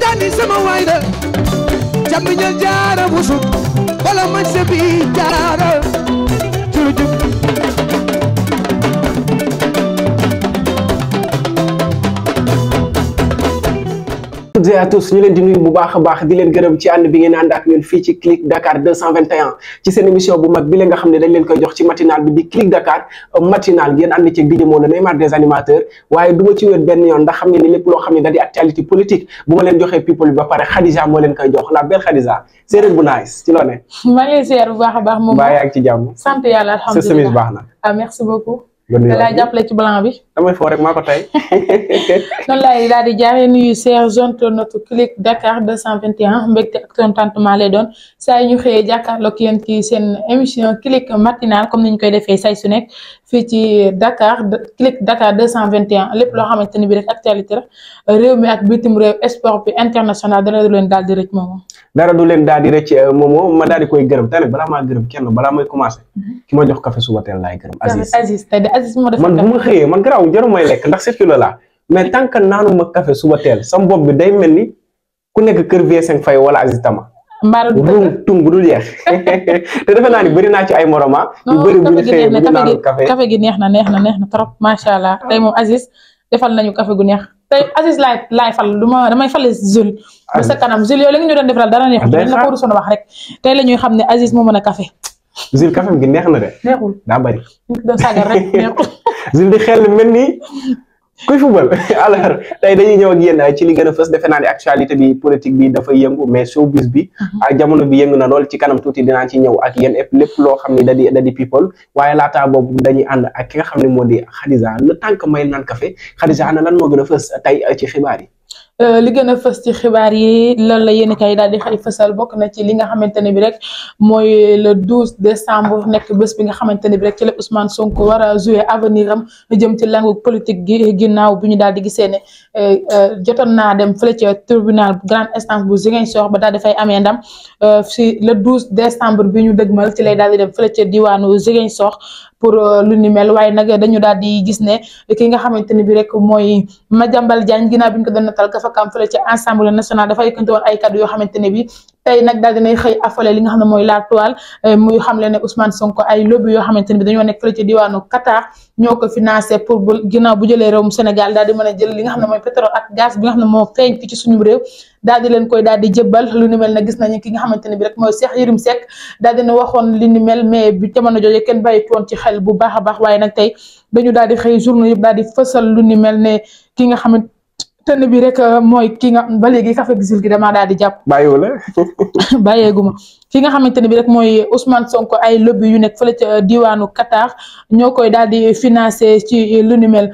dani sama waay da jàmm ñal jaara busuk wala ma sebi jaara jurujum toutes et à tous ñu leen di nuyu bu baax a baax di leen gërëm ci ànd bi ngeen ànd ak ñun fii ci Click Dakar ci seen émission bu mag bi leen nga xam ne dañ leen koy jox ci matinal bi di Click Dakar euh, matinal ngeen ànd ci bi moo la Neymar des animateurs waaye du ci wéet benn yoon ndax ni lépp loo xam ne da di politique bu ma leen joxee people ba pare Khadija moo leen koy jox la belle Khadija séeréer bu nice ci loo ne maa bu baax a baax damay foo rek maa ko tey. noonu laay daal di jaaree nuyu Serre zone notre clic Dakar 221 mbégte ak contentement doon saa yu ñu xëyee jàkkaarloog yéen ci seen émission clic matinal comme ni ñu koy defee say su nekk fii ci Dakar clic Dakar 221 lépp loo xamante ni bi rek actualité la réew mi ak bitim réew sport bi international dara du leen daal di du leen daal di rëcc euh, moomoo ma daal di koy gërëm tane balaa maa gërëm kenn balaa may commencé. Mhm. ki jox café suba teel laay gërëm. yow jëru may lekk ndax circulé laa mais tant que naanuma café suba teel sam bopp bi day mel ni ku nekk kër V5 fay wala asitama mbaaru tung tung bu yeex te defe naa ni bëri naa ci ay moroma yu bëri bu ñu xëyee gi neex na neex na neex na trop macha allah ah. tey moom Aziz defal nañu café gu neex tey Aziz laay laay fal du ma damay fale Zul ba sa kanam Zul yow li nga ñu doon defaral dara neex ah, dañ la ko rusoon wax rek tey la ñuy xam ne Aziz moo mën a café Zul café gi neex na de neexul daa bëri ñu zil di xel mel ni kuy football alors tey dañuy ñëw ak yéen ci li gën a fës defe naa ne actualité bi politique bi dafa yëngu mais showbiz bi mhm. ak jamono bi yëngu na lool ci kanam tuuti dinaa ci ñëw ak yéen lépp loo xam ne da di da di people waaye laataa boobu dañuy ànd ak ki nga xam ne moo di Khadija le temps que may naan café Khadija ana lan moo gën a fës tey ci xibaar Euh, li gën a fës ci xibaar yi lan la yéen kay daal di xëy fësal bokk na ci li nga xamante ne bi rek mooy le 12 décembre nekk bés bi nga xamante ne bi rek ci la Ousmane Sonko war a jouer avenir am jëm ci langu politique gi ginnaaw bi ñu daal di gisee ne euh, euh, jotoon naa dem fële ca tribunal grande instance bu Ziguinchor ba daal dafay amee ndam si le 12 décembre bi ñu dëgmal ci lay daal di dem fële ca diwaanu Ziguinchor pour euh, lu ni mel waaye nag dañu daal di gis ne ki nga xamante ne bi rek mooy ma Diagne ginnaaw bi ñu ko doon natal ka fa kam fële ci Assemblée nationale dafa yëkkante woon ay xamante ne bi tey nag daal dinay xëy afale li nga mooy la euh, muy xamle ne Ousmane Sonko ay lobby yoo xamante ne bi dañoo nekk fële ci diwaanu Qatar ñoo ko financé pour bu bu jëlee réewum Sénégal daal di a jël li nga xam ne mooy pétrole ak gaz bi nga jëbbal lu ni na gis nañu ki nga xamante ne bi rek mooy Cheikh Yérim Seck daal dina waxoon li ni mais bi jamono jooju kenn bàyyitu woon ci xel bu baax a baax waaye nag tey dañu daal di xëy journée yëpp daal di fësal lu ni ne ki nga xamante tënn bi rek euh, mooy ki nga ba léegi café gisul gi damaa daal di jàpp. bàyyiwul bàyyeeguma ki nga xamante ne bi rek mooy Ousmane Sonko ay lobby yu nekk fële ca euh, diwaanu Qatar ñoo koy daal di financé ci euh, lu ni mel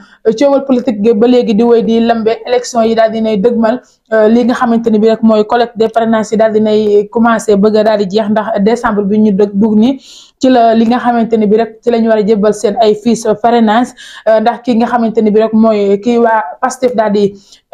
politique ba léegi di woy di lambe élection yi daal di nay dëgmal. Euh, li nga xamante ni bi rek mooy collecte des parrainages yi daal dinay commencé bëgg a daal di jeex ndax décembre bi ñu dëg dugg ni ci la li nga xamante ni bi rek ci la ñu war a jébal seen ay fiches parrainage euh, ndax ki nga xamante ni bi rek mooy kii waa Pastef daal di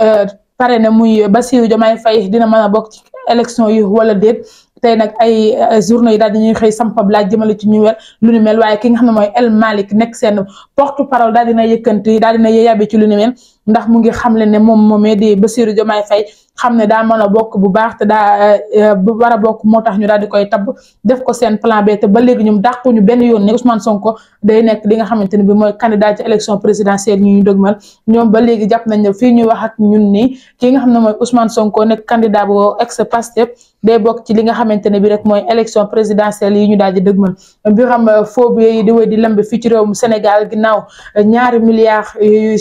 euh, parrainé muy Bassirou Diomaye Faye dina mën a bokk ci élection yi wala déet tey nak ay journée yi daal di ñuy xëy sampab laaj jëmale ci ñu wer lu ni mel waaye ki nga xam ne mooy El Malick nekk seen porte parole daal dina yëkkanti daal dina yaabe ci lu ni mel ndax mu ngi xamle ne moom moomee di Bassirou Diomaye Faye xam ne daa mën a bokk bu baax te daa eh, eh, bu war a bokk moo tax ñu daal di koy tabb def ko seen plan B te ba léegi ñoom dàquñu benn yoon ne Ousmane Sonko day nekk li nga xamante ne bi mooy candidat ci élection présidentielle ñu ñu dëgmal ñoom ba léegi jàpp nañ ne fii ñuy wax ak ñun nii ki nga xam ne mooy Ousmane Sonko nekk candidat bu ex Pastef day bokk ci li nga xamante ne bi rek mooy élection présidentielle yi ñu daal di dëgmal bi xam eh, foobu yi di wéy di lemb fii ci réewum Sénégal ginnaaw ñaari milliards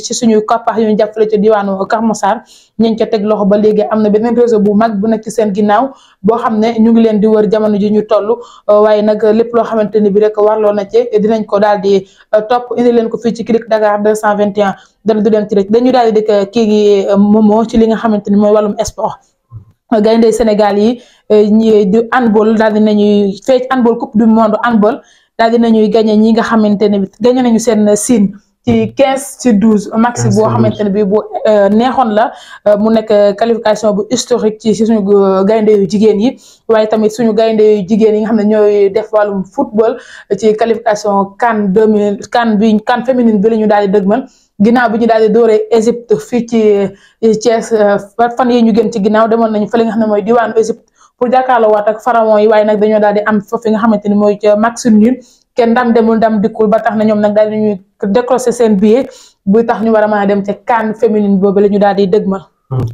ci suñuy koppax leen jàppale ca diwaanu Kër Massar ñañ ca teg loxo ba léegi am na beneen réseau bu mag bu nekk ci seen ginnaaw boo xam ne ñu ngi leen di wër jamono ji ñu toll waaye nag lépp loo xamante ni bi rek warloo na ci dinañ ko daal di euh, topp indi leen ko fii ci Click Dakar 221 dara du dem ci rek dañu daal di dëkk kii gi euh, ci li nga xamante ni mooy wàllum sport gaynde Sénégal yi di euh, handball daal di nañuy feec handball coupe du monde handball daal di nañuy gagné ñi nga xamante ne bi na nañu seen siin ci quinze ci douze max boo xamante ne bi bu euh, neexoon la euh, mu nekk qualification bu historique ci suñu euh, gaynde yu jigéen yi waaye tamit suñu gaynde jigéen yi nga xam ne ñooy def wàllum football ci qualification CAN deux mille CAN bi CAN féminine bi la ñu daal di dëgmal ginnaaw bi ñu daal di dooree Égypte fii ci Thiès fan yi ñu gën ci ginnaaw demoon nañu fële nga xam ne mooy diwaanu Égypte pour jàkkaarloo ak pharaon yi waaye nag dañoo daal di am foofu nga xamante ni mooy ca max nul kenn ndam demul ndam dikkul ba tax na ñoom nag daal di ñuy décrocher seen billet buy tax ñu war a mën dem ca CAN féminine boobu la daal di dëgmal. Hmm.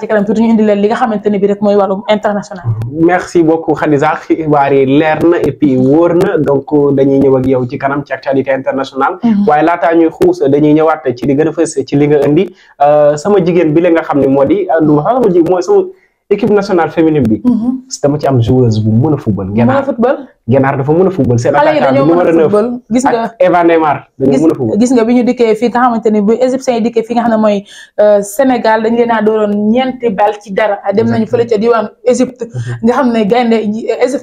ci kanam tuuti ñu indi leen li nga xamante ne bi rek mooy wàllum international. merci beaucoup internationale. Hmm. waaye laataa ñuy xuus dañuy ñëwaat ci li a fës ci li nga indi euh, sama jigéen bi la nga xam ne moo di du euh, ma sama ji mooy sama équipe nationale féminine bi. Hmm. dama ci am joueuse bu mën a football. mën a football Ganaar dafa mën a football seen gis nga ak Eva gis nga bi ñu dikkee fii nga xam ne mooy euh, Sénégal dañ leen a dooroon ñeenti bal ci dara dem nañu fële ca diwaan Égypte mhm. nga xam ne gaynde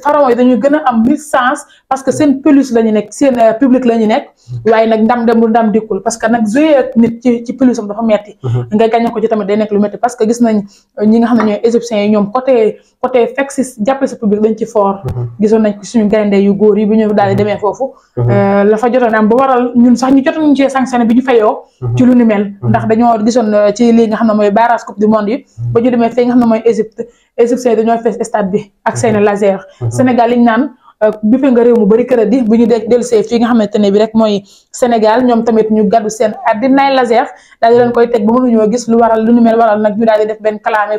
pharaon yi dañu gën a am mille sens parce que seen pelouse la ñu nekk seen euh, public la ñu nekk mhm. waaye nag ndam ndam dikkul parce que nag jouer ak nit ci ci pelouse am dafa metti mhm. nga gagné ci tamit day nekk lu metti parce que gis nañ euh, ñi nga xam ne ñooy yi ñoom côté côté fekk gaynde yu góor yi bi ñu daal di mhm. demee foofu mhm. euh, la fa jotoon am ba waral ñun sax ñu jotoon cee ñu mhm. ci lu euh, nga xam ne mooy barrage coupe du monde yi ñu demee fii nga xam ne mooy bi euh, bu ñu dee dellu see fii nga xamante ne bi rek mooy Sénégal ñoom tamit ñu gàddu seen addinaay laser daal di leen koy teg ba mënuñoo gis lu waral lu ni waral ñu daal di def benn clamé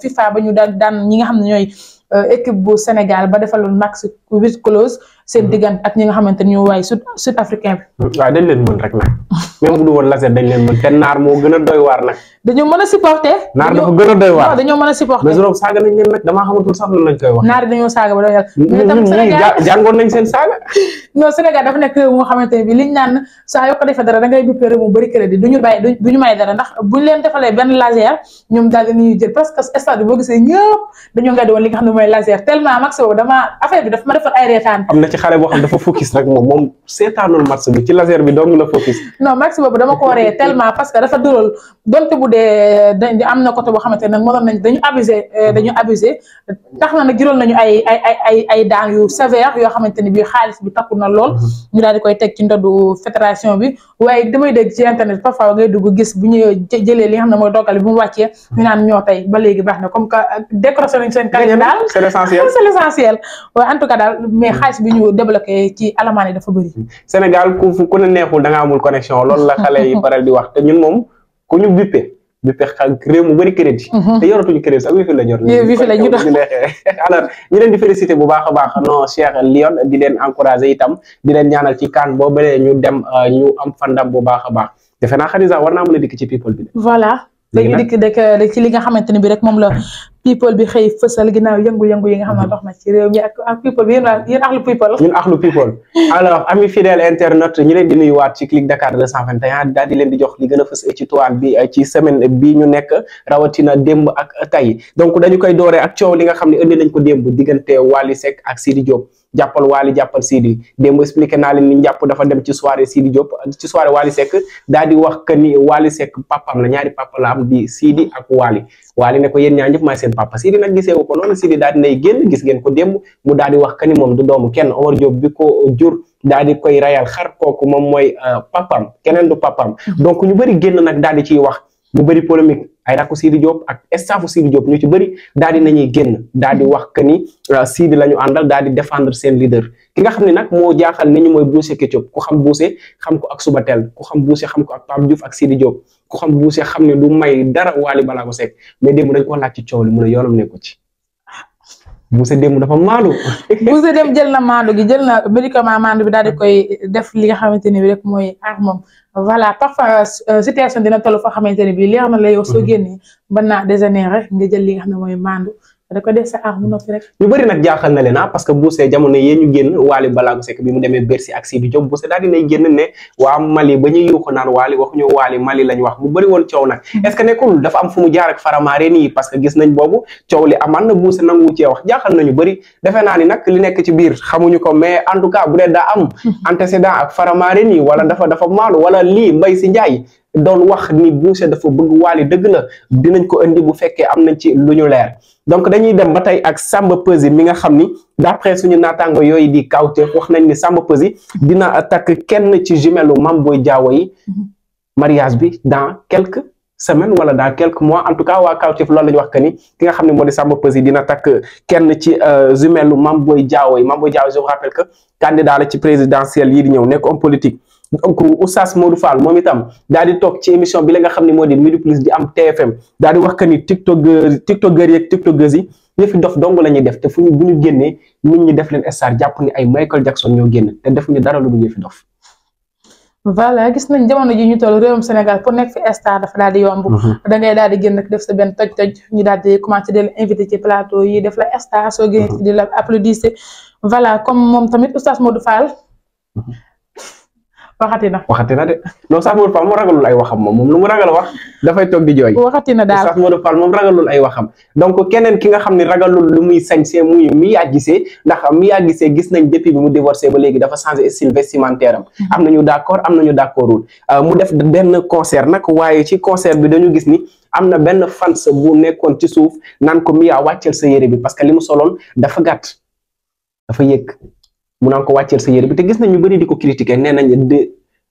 FIFA ba ñu daan ñi nga xam ne ñooy Euh, équipe bu Sénégal ba defaloon max huit close seen mhm. diggante ak ñi xamante ni ñoo sud africain bi. waaw dañ leen mën rek nag même bu du woon dañ leen mën te naar moo gën a doy waar nag. dañoo mën a supporter. naar dafa gën mm-hmm, mm-hmm, dafa nekk réew xamante bi liñ naan saa yoo ko defee dara da ngay bippé réew mu bëri crédit duñu bàyyi may dara ndax buñ leen defalee benn laser ñoom daal di ñuy jël parce que stade bi boo gisee ñëpp dañoo nga di woon li xam ne mooy laser tellement max boobu damaa affaire bi xale boo xam dafa focus rek moom moom seetaanul match bi ci laser bi dong la focus. non match boobu dama ko waree parce que dafa dural donte bu dee na côté boo xamante euh, daan yu sévère yoo xamante ni bii xaalis bi takku na lool. Mhm. ñu daal koy teg ci ndodu fédération bi waaye damay dégg ci internet parfois ngay dugg gis bu ñu jëlee li nga xam ne mooy dogal bi mu wàccee ñu naan ñoo tey ba léegi baax na comme que euh, décroché nañ seen. carrière daal c'est l'essentiel ñu débloqué ci dafa bëri. Sénégal ku ku ne neexul da nga amul connexion loolu la xale yi faral di wax te ñun moom ku ñu bippe bippe xal réew mu bëri crédit. Mhm. te yoratuñu crédit sax wifi da ñor. wifi a ñu dox alors ñu leen di féliciter bu baax a baax non Cheikh Lyon di encourager itam di ñaanal ci kan boo bëree ñu dem euh, ñu am fandam bu baax a baax defe naa Khadija war naa mën a dikk ci people bi. voilà dañu dikk dëkk ci li xamante ne bi rek moom la people bi xëy fësal ginnaaw yëngu-yëngu yi xam ne mhm. dox na ci réew mi ak ak people bi yéen waa yéen axlu people ñun axlu leen di nuyuwaat ci Click Dakar 221 di leen di jox li gën a fës ci tuwaan bi ci semaine bi ñu nekk rawatina démb ak tey donc dañu koy dooree ak coow li nga xam ne indi nañ ko démb diggante Wally Seck ak Sidi Diop jàppal Wally jàppal Sidi démb expliqué naa leen ni njàpp dafa dem ci soirée Sidi Diop ci soirée Wally Seck daal wax que ni Wally Seck papam la ñaari seen papa Sidi nag gisee wu ko noonu Sidi daal dinay génn gis ngeen ko démb mu daal di wax que ni moom du doomu kenn Omar Diop bi ko jur daal di koy rayal xar kooku moom mooy euh, papam keneen du papam mm-hmm. donc ñu bëri génn nag daal di ciy wax mu bëri polémique ay rakku Sidi Diop ak staffu Sidi Diop ñu ci bëri daal di nañuy génn daal di wax que ni euh, Sidi la ñu àndal daal di defendre seen leader ki nga xam ne nag moo jaaxal nañu mooy Bousse Ketchup ku xam buuse xam ko ak Subatel ku xam Bousse xam ko ak Pape Diouf ak Sidi Diop ku xam Bousse xam ne du may dara Waly Balago Seck mais démb dañ ko laaj ci coow li mu ne yoonam nekku ci Moussa Deme dafa maandu. Moussa Deme jël na maandu gi jël na médicament maandu bi daal di koy def li nga xamante ne bi rek mooy aar moom voilà parfois euh, situation dina toll foo xamante ne bii leer na la o soo mhm. génnee mën naa dégénérer nga jël li nga xam ne mooy maandu. da ko def sa aar mu noppi bëri nag jaaxal na leen ah que Bousse jamono yee ñu génn Wally Ballago Seck bi mu demee Bercy ak Sidi Diop Bousse daal dinay génn ne waa Mali ba ñuy yuuxu naan Wally waxuñu Wally Mali lañ wax mu bëri woon coow nag. Mm-hmm. est-ce que nekkul dafa am fu mu jaar ak faramaare nii parce gis nañ boobu coow li amaan na Bousse nangu cee wax jaaxal nañu bëri defe naa ni nag li nekk ci biir xamuñu ko mais en tout cas bu dee daa am. Mm-hmm. antécédent ak faramaare wala dafa dafa maalu wala lii mbay si njaay doon wax ni Boucher dafa bëgg Wally dëgg la dinañ ko indi bu fekkee am nañ ci lu ñu leer donc dañuy dem ba tey ak Samba Peuzzi mi nga xam ni d'après suñu naataango yooyu di kawteef wax nañ ni Samba Peuzzi dina takk kenn ci jumelu Mame Boye Diao yi mariage bi dans quelques semaines wala dans quelques mois en tout cas waa kawteef loolu la ñu wax que ni ki nga ne moo di Samba Peuzzi dina takk kenn ci euh, jumelu Mame Boye Diao yi Mame Boye Diao je vous rappelle que candidat la ci présidentielle yi di ñëw nekk homme politique Oustaz Modou Fall moom itam daal di toog ci émission bi la nga xam ne moo di Midi Plus di am TFM daal di wax que ni tiktokeur tiktokeur yeeg tiktokeuses yi yëfi dof dong la ñuy def te fu ñu bu ñu génnee nit ñu def leen star jàpp ni ay Michael Jackson ñoo génn te defuñu dara lu ñu fi dof. voilà gis nañ jamono ji ñu toll réewum Sénégal pour nekk fi star dafa daal di yomb. Mhm. da ngay daal di génn def sa benn toj-toj ñu daal di commencé di invité ci plateau yi def la star soo génnee mhm. di la applaudissé voilà comme moom tamit Oustaz Modou Fall. Mhm. waxati na waxati na de non sax Modou Fall moom ay waxam moom moom lu mu ragal wax dafay toog di jooy waxati na daal sax Modou Fall moom ragalul ay waxam donc keneen ki nga xam ne ragalul lu muy sañsee muy mi yàggisee ndax mi yàggisee gis nañ depuis bi mu divorcé ba léegi dafa changé style vestimentaire am mm-hmm. am nañu d'accord am nañu d'accordul euh, mu def benn concert nag waaye ci concert bi dañu gis ni am na benn fans bu nekkoon ci suuf naan ko Mia wàccel sa yére bi parce que li mu soloon dafa gàtt dafa yëg mu naan ko wàcceel sa yére bi te gis nañu bëri di ko critiquer nee nañ de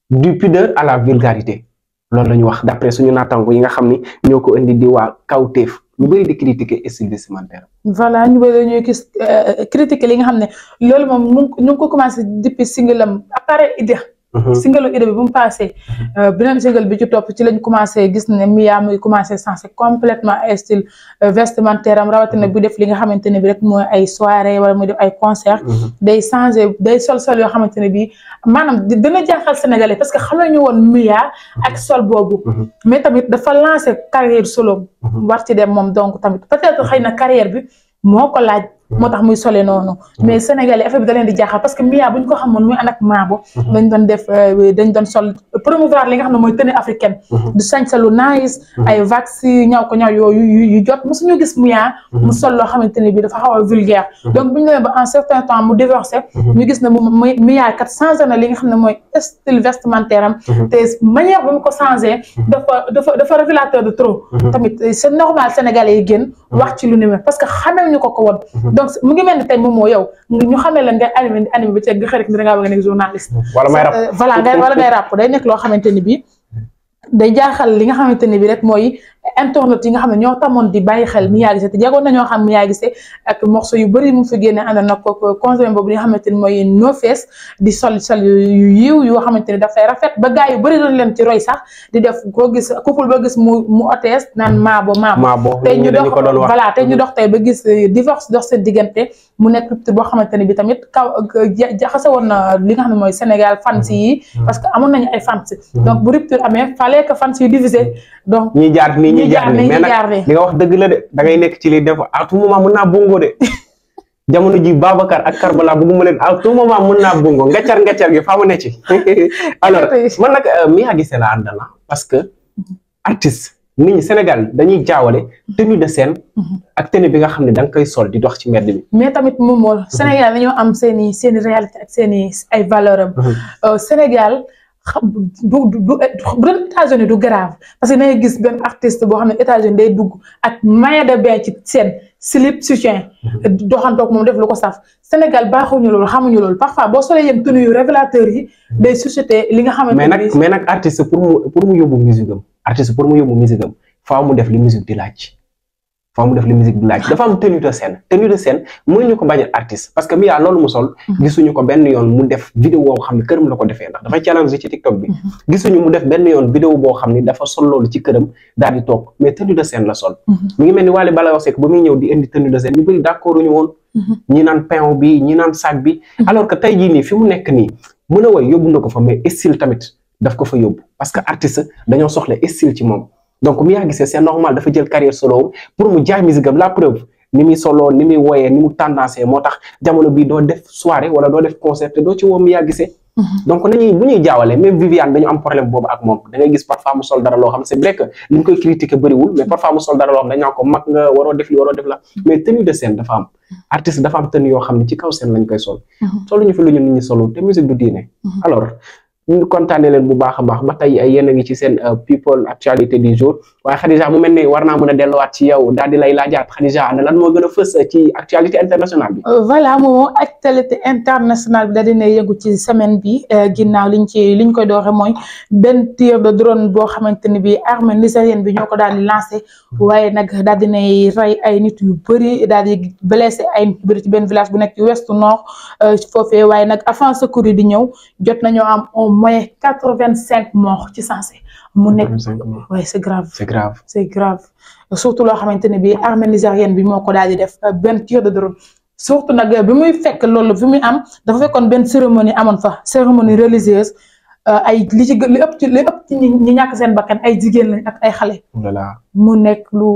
du pudeur à la vulgarité loolu la ñu wax d'après suñu naataango yi nga xam ni ñoo ko indi di waa kawteef ñu bëri di critiquer style vestimentaire voilà ñu bëri ñuy gis euh, critiquer li nga xam ne loolu moom mu ñu ngi ko commencé depuis singalam appareil idée Mhm. single idée bi bu mu passé mhm. euh, beneen single bi ci topp ci lañ commencé gis ne Mia muy commencé sensé complètement ay style euh, vestimentaire am rawatina mhm. bu def li nga xamante ne bi rek mooy ay soirée wala mu def ay concert day changé day sol sol yoo xamante ne bi maanaam dina jaaxal sénégalais parce que xamee ñu woon Mia ak sol boobu mais tamit dafa lancé carrière solo war ci dem moom donc tamit peut-être xëy na carrière bi moo ko laaj moo tax muy solee noonu mm-hmm. mais sénégalais affaire bi da di jaaxal parce que Mia bu ñu ko xamoon muy ànd Maabo mm-hmm. dañ doon def euh, dañ doon sol promouvoir li nga xam ne mooy tenue africaine mm-hmm. du sañse lu nice ay vax ñaw ko ñaw yooyu yu jot mosuñu gis Mia mu sol loo xamante ne bi dafa xaw a vulgaire donc bu ñu en certain temps mu divorcé ñu gis ne mu kat changé na li nga xam ne mooy style vestimentaire am te manière ba mu ko changé dafa dafa dafa révélateur de tamit c'est normal sénégalais yi génn wax ci lu ni mel que xamee ñu ko ko donc mu ngi mel ni tey moom moo yow ñu xamee la ngay animé animé ba ci nga a nekk journaliste. wala may rap euh, voilà ngay rap day nekk loo xamante ni bii. day jaaxal li nga xamante ne bi rek mooy internet yi nga xam ne ñoo tamoon di bàyyi xel Mia Guissé xam Mia Guissé ak morceau yu bëri mu fi génne ànd na ko consommé boobu li nga xamante ni mooy No Face di sol sol yu yiw yoo xamante ni dafay rafet ba gars yu bëri doon leen ci roy sax di def koo gis couple ba gis mu mu naan maabo maabo tey ñu dox tey ba gis divorce dox seen diggante mu nekk rupture boo xamante ni bi tamit kaw jaxase woon na li nga xam ne mooy Sénégal fans yi mm-hmm. parce que amoon nañu ay fans mm-hmm. donc bu rupture amee fallait nit ñi jaar nii mais nag li nga wax dëgg la de da ngay nekk ci lii def à tout moment mën naa bongo de jamono ji Babacar ak Karbala bëgguma leen à tout moment mën naa bongo ngaccar ngaccar gi faa mu ne ci alors man nag euh, Mia Guissé la àndana ah, parce que artiste nit ñi Sénégal dañuy jaawale tenue de scène ak tenue bi nga xam ne da nga koy sol di dox ci mbedd bi mais tamit moom mool mhm. Sénégal dañoo am seen i seen i réalité ak seen i ay valeur am mhm. euh, Sénégal xam du du du États-Unis du grave parce que da ngay gis benn artiste boo xam ne États-Unis day dugg ak maillot de bain ci seen slip soutien. doxantoog moom def lu ko saf. Sénégal baaxuñu loolu xamuñu loolu parfois boo solee yem tenue yu révélateur yi day suscité li nga xamante ne. mais nag mais nag artiste pour mu pour mu yóbbu musique am pour mu yóbbu musique am faaw mu def li musique di laaj. faaw mu def li musique bi laaj dafa am tenue de scène tenue de scène mënuñu ko bañ artiste parce que Mia loolu mu sol mhm. gisuñu ko benn yoon mu def vidéo boo xam ne këram la ko defee ndax dafa challenge ci TikTok bi mhm. gisuñu mu def benn yoon vidéo boo xam ne dafa sol loolu ci këram daal di toog mais tenue de scène la sol mu mhm. ngi mel ni Wally Ballago Seck ba muy ñëw di indi tenue de scène ñu bëri d'accord uñu woon ñi naan pain bi ñi naan sac bi alors que tey jii nii fi mu nekk nii mën a woy yóbbu na ko fa mais style tamit daf ko fa yóbbu parce que artiste dañoo soxla style ci moom donc Mia Guissé c'est normal dafa jël carrière solo pour mu jaay musique am la preuve ni muy solo ni woyee ni mu moo tax jamono bii doo def soirée wala doo def concert te doo ci woo Mia Guissé mm-hmm. donc nañuy bu ñuy jaawale même Viviane dañu am problème boobu ak moom da ngay gis parfois mu sol dara loo xam c'est vrai que li koy critiquer bëriwul mais parfois sol dara loo xam dañaa ko mag nga waroo def li waroo def la mm-hmm. mais tenue de scène dafa am mm-hmm. ne ci kaw scène lañ koy sol ñu kontaane leen bu baax a baax ba tey yéen a ngi ci seen euh, people actualité du jour waaye Khadija mu mel ni war naa a delluwaat ci yow daal di lay laajaat Khadija ana lan moo gën a fës euh, ci actualité internationale bi. Euh, voilà moom actualité internationale bi da dina yëngu ci semaine bi ginnaaw liñ ci liñ koy doore mooy benn tir de drone boo xamante ni bi armée nigérienne bi ñoo ko daan lancé waaye nag daal dinay rey ay nit yu bëri daal moins quatre vingt cinq morts ci sensé mu nekk waaye c'est grave c'est grave c'est grave loo xamante ne bi armée nigérienne bi moo ko daal di def euh, benn tir de drone surtout nag euh, bi muy fekk loolu bi muy am dafa fekkoon benn cérémonie amoon fa cérémonie religieuse euh, ay li ci li ëpp ci ci ñi ñàkk seen bakkan ay jigéen lañ ak ay xale. Oh mu nekk lu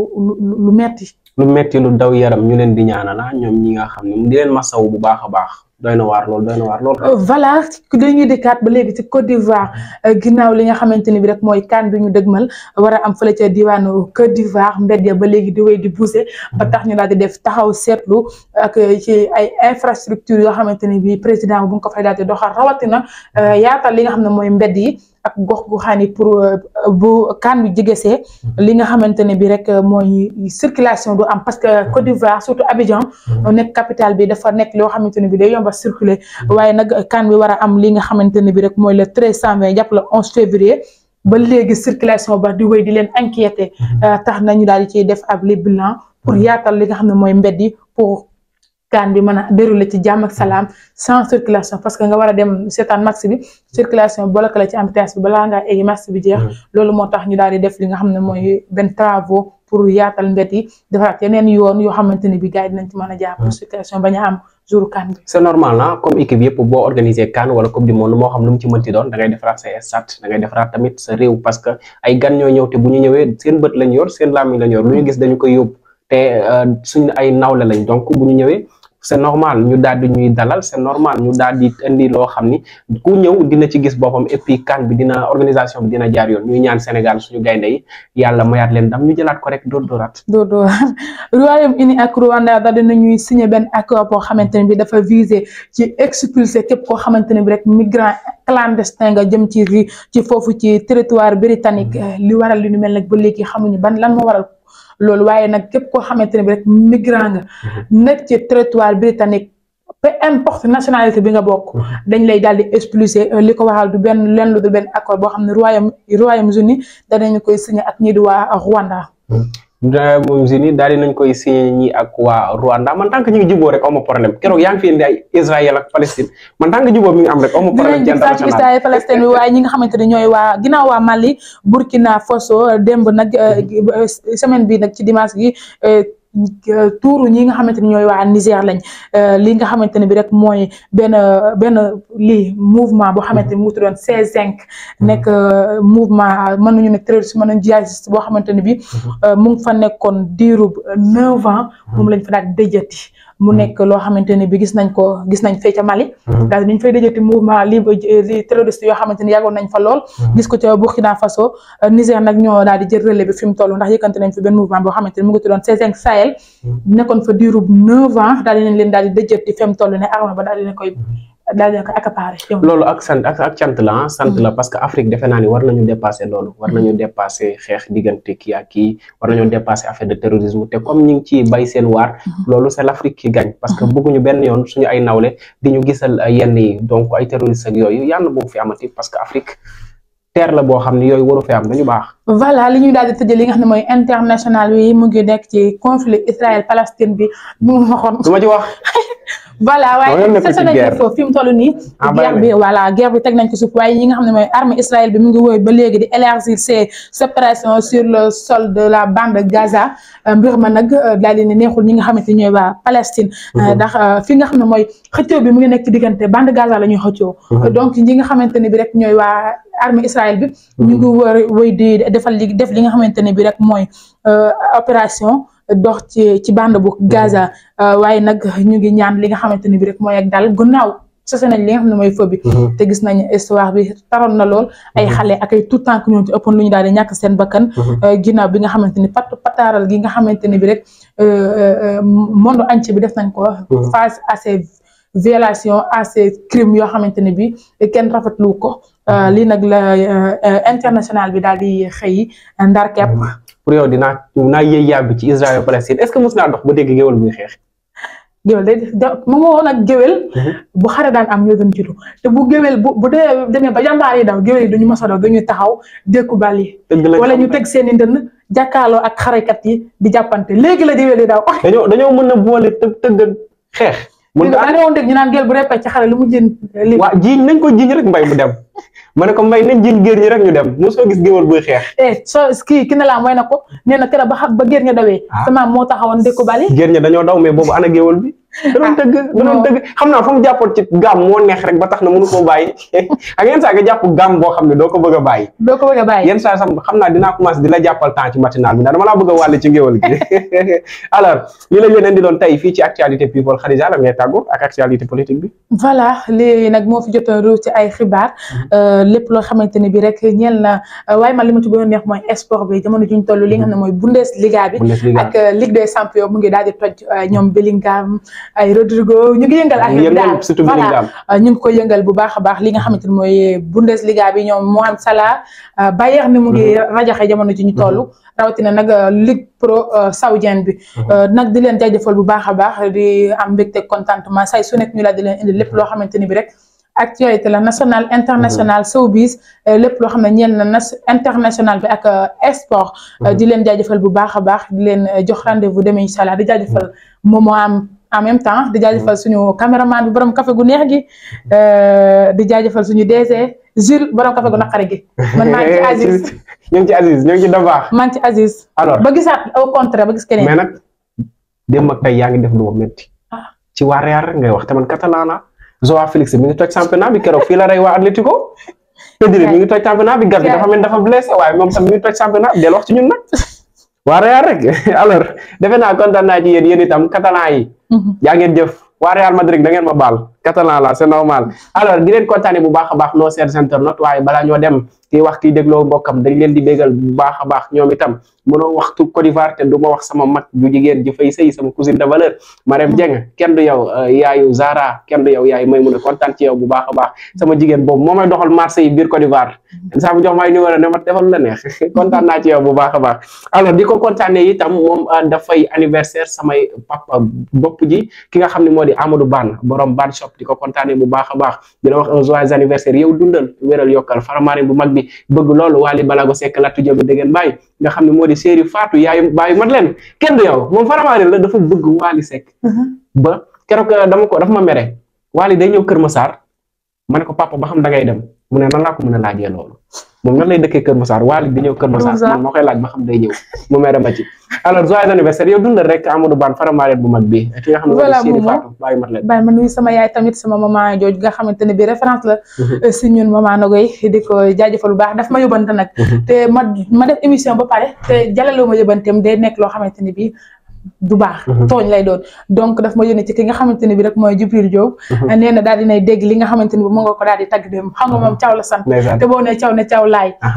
lu metti lu metti lu daw yaram ñu leen bi di ñaanal ah, ñoom ñi nga xam ne mu di leen masaw bu baax a baax. doy na waar lool doy na waar lool. Euh, voilà dañuy dikkaat ba léegi ci Côte d'Ivoire euh, ginnaaw li nga xamante ni bi rek mooy kan bi ñu dëgmal war a am fële ca diwaanu Côte d'Ivoire mbedd ya ba léegi di wéy di bousee ba tax ñu daal di def taxaw seetlu ak euh, ci ay infrastructure yoo xamante ni bi président bu nga ko fay daal di doxal rawatina yaatal li nga xam ne mooy mbedd yi. ak gox gu xani pour euh, bu kan bi jegesee li nga xamante ne bi rek euh, mooy circulation du am parce que Côte d'Ivoire surtout Abidjan nekk capitale bi dafa nekk loo xamante ne bi day yomba circuler waaye nag kan bi war a am li nga xamante ne bi rek mooy le treize cent vingt jàpp le onze février ba léegi circulation ba di wéy di leen inquiété euh, tax nañu daal di ciy def ab li bilan pour yaatal li nga xam ne mooy kaan bi mën a déroulé ci jàmm ak salaam sans circulation parce que nga war a dem seetaan match bi circulation bloqué la ci embouteillage bi balaa ngaa eggi bi jeex loolu moo tax ñu daal di def li nga xam ne mooy benn travaux pour yaatal mbedd yi defaraat yeneen yoon yoo xamante ne bi gars yi ci mën a jàpp circulation bañ a am jour kaan bi c'est normal ah comme équipe yëpp boo organisé kaan wala coupe du monde moo xam lu ci mënti doon da defaraat sa que gan ñoo ñëw te bu ñu ñëwee seen lañ yor seen làmmiñ lañ yor lu ñu gis dañu koy yóbbu te euh, suñ ay nawle lañ donc bu ñu ñëwee c'est normal ñu daal di ñuy dalal c'est normal ñu daal di indi loo xam ni ku ñëw dina ci gis boppam et puis kan bi dina organisation bi dina jaar yoon ñuy ñaan Sénégal suñu gaynde yi yàlla mayaat leen ndam ñu jëlaat ko rek dóor dóoraat dóor dóoraat Royaume-Uni ak Rwanda daal na ñuy signé benn accord boo xamante ne bi dafa visé ci expulsé képp koo xamante ne bi rek migrant clandestin nga jëm ci ci foofu ci territoire britannique mm. li waral li ñu mel nag ba léegi xamuñu ban lan moo waral loolu waaye nag képp koo xamante ne bi rek migrant nga mhm. nekk ci territoire britannique peu importe nationalité bi nga bokk mhm. dañ lay daal di expulsé euh, li ko waxal du benn lenn lu benn accord boo xam ne royaume Royaume-Uni danañu koy signé at ñii di waa Rwanda mhm. Dramé moom si ni daal di nañ koy signé ñi ak waa Rwanda man tant que ñu ngi jubóo rek amoo problème keroog yaa ngi fi indi ay ak Palestine man tant mi ngi am rek amoo problème. ci Israël Palestine bi waaye ñi nga xamante ne ñooy waa ginnaaw waa Mali Burkina Faso démb nag euh, euh, semaine bi nag ci dimanche gi. Euh, tuuru ñi nga xamante ni ñooy waa Niger lañ euh, li nga xamante ne bi rek mooy benn benn lii mouvement boo xamante ni mu tuddoon C5 nekk euh, mouvement mën nañu ne terroriste mën nañu djihadiste boo xamante ni bi mhm. euh, mu ngi fa nekkoon diirub neuf ans mhm. moom lañ fa daal dëjati mu hmm. nekk loo xamante ni bi gis nañ ko gis nañ fee ca Mali hmm. daal di ñu fay mouvement libre terroriste yoo xamante ni yàggoon nañ fa lool hmm. gis ko ca Burkina Faso euh, Niger nag ñoo daal di jël relais bi toll ndax yëkkante nañ fi benn mouvement boo xamante mu ngi tuddoon C5 Sahel nekkoon fa diirub neuf ans daal di leen daal di dajati fi mu toll ne ba daal koy daal di ko accaparé. loolu ak sant ak ak cant la ah sant la mm-hmm. parce que Afrique defe naa ni war nañu dépasser loolu. war nañu mm-hmm. dépasser xeex diggante kii ak ki war nañu dépasser affaire de terrorisme te comme ñu ngi ciy bay seen waar. Mm-hmm. loolu c'est l'Afrique qui gagne parce que bëgguñu benn yoon suñu ay nawle di ñu gisal yenn yi donc ay terroristes ak yooyu yàlla bu mu fi amati parce que Afrique terre la boo xam ne yooyu waru fi am dañu baax. voilà li ñuy daal di tëjee li nga xam ne mooy international bi mu ngi nekk ci conflit Israël Palestine bi mu waxoon. du ma waaye sese nañu fi mu toll nii. Ah, guerre bi voilà guerre bi teg nañ ko suuf waaye ñi nga xam ne mooy armée Israël bi mu ngi woy ba léegi di élargir ses pressions sur le sol de la euh, ma nag euh, daal di neexul ñi nga xamante ñooy waa Palestine. Euh, mhm. ndax fi nga xam mooy xëccoo bi mu ngi nekk diggante bande Gaza la ñuy xëccoo. Mhm. donc ñi nga xamante ne bi rek ñooy waa armée Israël bi. ñu ngi mhm. wër wëy di. defal li def li nga xamante ne bi rek mooy euh, opération dox ci ci bande bu Gaza euh, waaye nag ñu ngi ñaan li nga xamante ne bi rek mooy ak daal gannaaw sose nañ li nga xam ne mooy feu bi mm-hmm. te gis nañ histoire bi taroon na lool ay mm-hmm. xale ak ay tout temps que ñoo ci ëppoon lu ñu daal di ñàkk seen bakkan mm-hmm. euh, ginnaaw bi nga xamante ni pat pataaral gi nga xamante ne bi rek monde entier bi def nañ ko face à ces violations à ces crimes yoo xamante ne bi kenn rafetlu ko Euh, mhm. lii nag la euh, euh, international bi daal di xëy ndar kepp. Mhm. pour yow dinaa dinaa yéey yàbbi ci Israël Palestine est-ce que mos naa dox ba dégg géwél muy xeex. géwél day moom moo woon ak géwél. Mhm. bu xare daan am ñoo doon jiitu te bu géwél bu ba jàmbaar yi daw géwel yi duñu mos a daw dañuy taxaw dékku bal yi. wala ñu teg seen i ndënd jàkkaarloo ak xarekat yi di jàppante léegi la géwél yi daw. dañoo dañoo mën a boole të tëgg xeex. mën nga ànd woon dégg ñu naan géwél bu répété ci xare lu mu jën. waa jiiñ nañ ko jiiñ rek mbay mu dem ma ne ko mbay nañ jël géer ñi rek ñu dem mosoo gis géwal bu xeex. eh soo kii ki ne laa mooy na ko nee na keroog ba xa ba géer ña dawee. Ah. sama moo taxawoon dëkku bali. géer ña dañoo daw mais boobu ana géwal bi. da doon ah, dëgg naa fa mu jàppoon ci gàmm moo neex rek ba tax na mënu koo bàyyi ak yenn saa nga jàpp xam ne doo ko bëgg a bàyyi ko bëgg a bàyyi xam naa dinaa commencé di la jàppal temps ci matinal bi alors lii la leen di doon tey fii ci actualité people Khadija la ngay tàggu ak actualité politique bi voilà léegi nag moo fi jotoon réew ci ay xibaar mhm. euh, loo xamante ne bi rek ñeel na euh, waaye man li neex mooy sport bi jamono juñ toll li nga mhm. xam ne mooy Bundesliga bi ak euh, Ligue des champions mu ngi daal di toj ñoom Bellingham ay Rodrigo ñu ngi yëngal affaire daal surtout Bellingham euh, ñu ngi ko yëngal bu baax a baax li nga xamante ni mooy Bundesliga bi ñoom Mohamed Salah euh, Bayern ni mu ngi mhm. rajaxe jamono ji ñu mhm. toll rawatina nag euh, Ligue pro saoudienne bi mhm. nag di leen jaajëfal bu baax a baax di am mbégte contentement say su nekk ñu di leen indi lépp loo xamante ni bi rek actualité la nationale internationale showbiz lépp loo xam ne ñeel na international bi ak sport di leen jaajëfal bu baax a baax di leen jox rendez-vous demee incha di jaajëfal moom en même temps di jaajëfal suñu caméraman bi borom café gu neex gi euh, di jaajëfal suñu DG Jules borom café na naqari gi man maa ngi ci Aziz ñu ngi maa ngi ci Aziz alors ba gisaat au contraire ba gis keneen mais nag yaa ngi def lu ma métti ah. ci waa Real ngay wax te man Catalan la Joao Félix mi ngi toj championnat bi keroog fii la rey waa Atlético Pedri mi ngi toj championnat bi Gavi dafa mel dafa blessé waaye moom tam mi ngi toj del wax ci ñun nag waa Real rek alors defe naa kontaan naa ci yéen yéen itam catalan yi. Mhm. yaa ngeen jëf waa Real Madrid da ngeen ma baal. catalan la c'est normal alors di leen kontaane bu baax a baax noo seen internaute waaye balaa ñoo dem kii wax kii dégloo mbokkam dañ leen di bégal bu baax a baax ñoom itam mënoo waxtu Côte d'Ivoire te du ma wax sama mag ju jigéen ji fay sëy sama cousine de valeur Marème mm. Dieng kenn yow euh, yaayu Zara kenn yow yaayu may mun a kontaan ci bu baax a baax sama jigéen boobu moo may doxal marché yi biir Côte d'Ivoire saa bu jox may numéro ne ma defal la neex kontaan naa ci yow bu baax a baax alors di ko kontaanee itam moom euh, dafay anniversaire samay papa bopp ji ki nga xam ne moo di Amadou Bane borom baan shop di ko kontaanee bu baax a baax di la wax un joyeux anniversaire yow dundal wéral yokkal faramarin bu mag bi bëgg loolu Wally Balago Seck Lattu Diop Degen Baye nga xam ne moo di séeri Fatou yaayu baayu mat leen kenn du yow moom faramarin la dafa bëgg Wally Seck mhm. ba keroog dama ko dafa ma mere Wally day ñëw Kër Massar ma ne ko papa ba xam dangay dem mu ne nan laa a laajee loolu moom nan lay dëkkee Kër Masar Wally di ñëw Kër Masar man moo koy laaj ba xam day ñëw mu mere a ci alors joyeux anniversaire yow ma nuyu sama yaay tamit sama maman jooju nga xamante ne bi référence la mhm. euh, si ñun maman Nogoy di ko jaajëfal bu baax daf ma yóbbante nag mhm. te ma ma def émission ba pare te jalalewu ma yóbbanteem day nekk loo xamante ne bi du baax mhm. tooñ lay doon donc daf ma yónnee ci ki nga xamante ne bi rek mooy Jibril Diop mhm. nee na daal dinay dégg li nga xamante ni bi mu nga ko daal di tagg dem moom mhm. caw la sant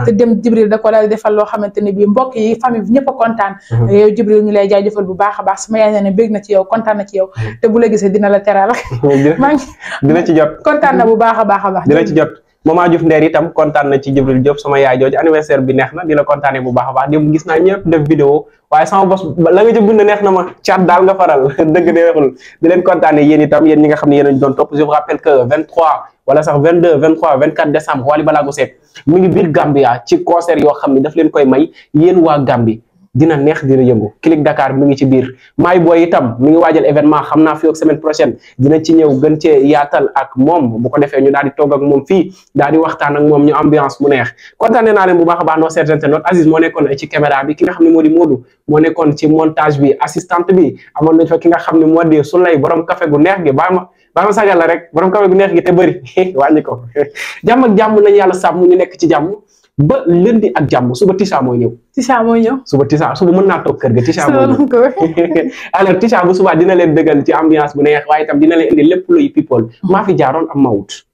te Jibril da ko daal di defal loo xamante ne bi mbokk yi famille bi ñëpp a kontaan yow Jibril ñu lay jaajëfal bu baax a baax sama yaay ne bég na ci yow kontaan na ci yow te bu la gisee dina la teral maa dina ci jot kontaan na bu baax a baax a baax dina ci jot maman Diouf Nder itam kontaan na ci Jibril Diop sama yaay jooju anniversaire bi neex na di la kontaanee bu baax a baax démb gis naa a def vidéo waaye sama bos la nga ci bind neex na ma caat daal nga faral dëgg neexul di leen kontaanee yéen itam nga xam ne yéen a doon topp je vous rappelle que 23 wala sax 22 23 24 décembre Wally Ballago Seck mi ngi biir Gambia ci concert yoo xam ne daf leen koy may yéen waa Gambie. dina neex dina yëngu Click Dakar mi ngi ci biir maay booy itam mi waajal événement xam na fii ak semaine prochaine dina ci ñëw gën cee yaatal ak moom bu ko defee ñu daal di moom fii daal di waxtaan ak moom ñu ambiance mu neex kontaane naa leen bu baax a baax noo seetante note Aziz moo nekkoon ci caméra bi ki nga xam ne moo di moo nekkoon ci montage bi assistante bi amoon nañ fa ki nga xam ne moo di Souley borom café gu neex gi baa ma baa ma sagal la rek borom café gu neex yàlla sàmm nekk ci jàmm ba lundi ak jàmm suba Tisa mooy ñëw. Tisa mooy ñëw suba Tisa suba mën naa toog kër ga Tisa mooy ñëw alors Tisa bu subaa dina leen dëggal ci ambiance bu neex waaye itam dina leen indi lépp luy people mm. maa fi jaaroon am mawut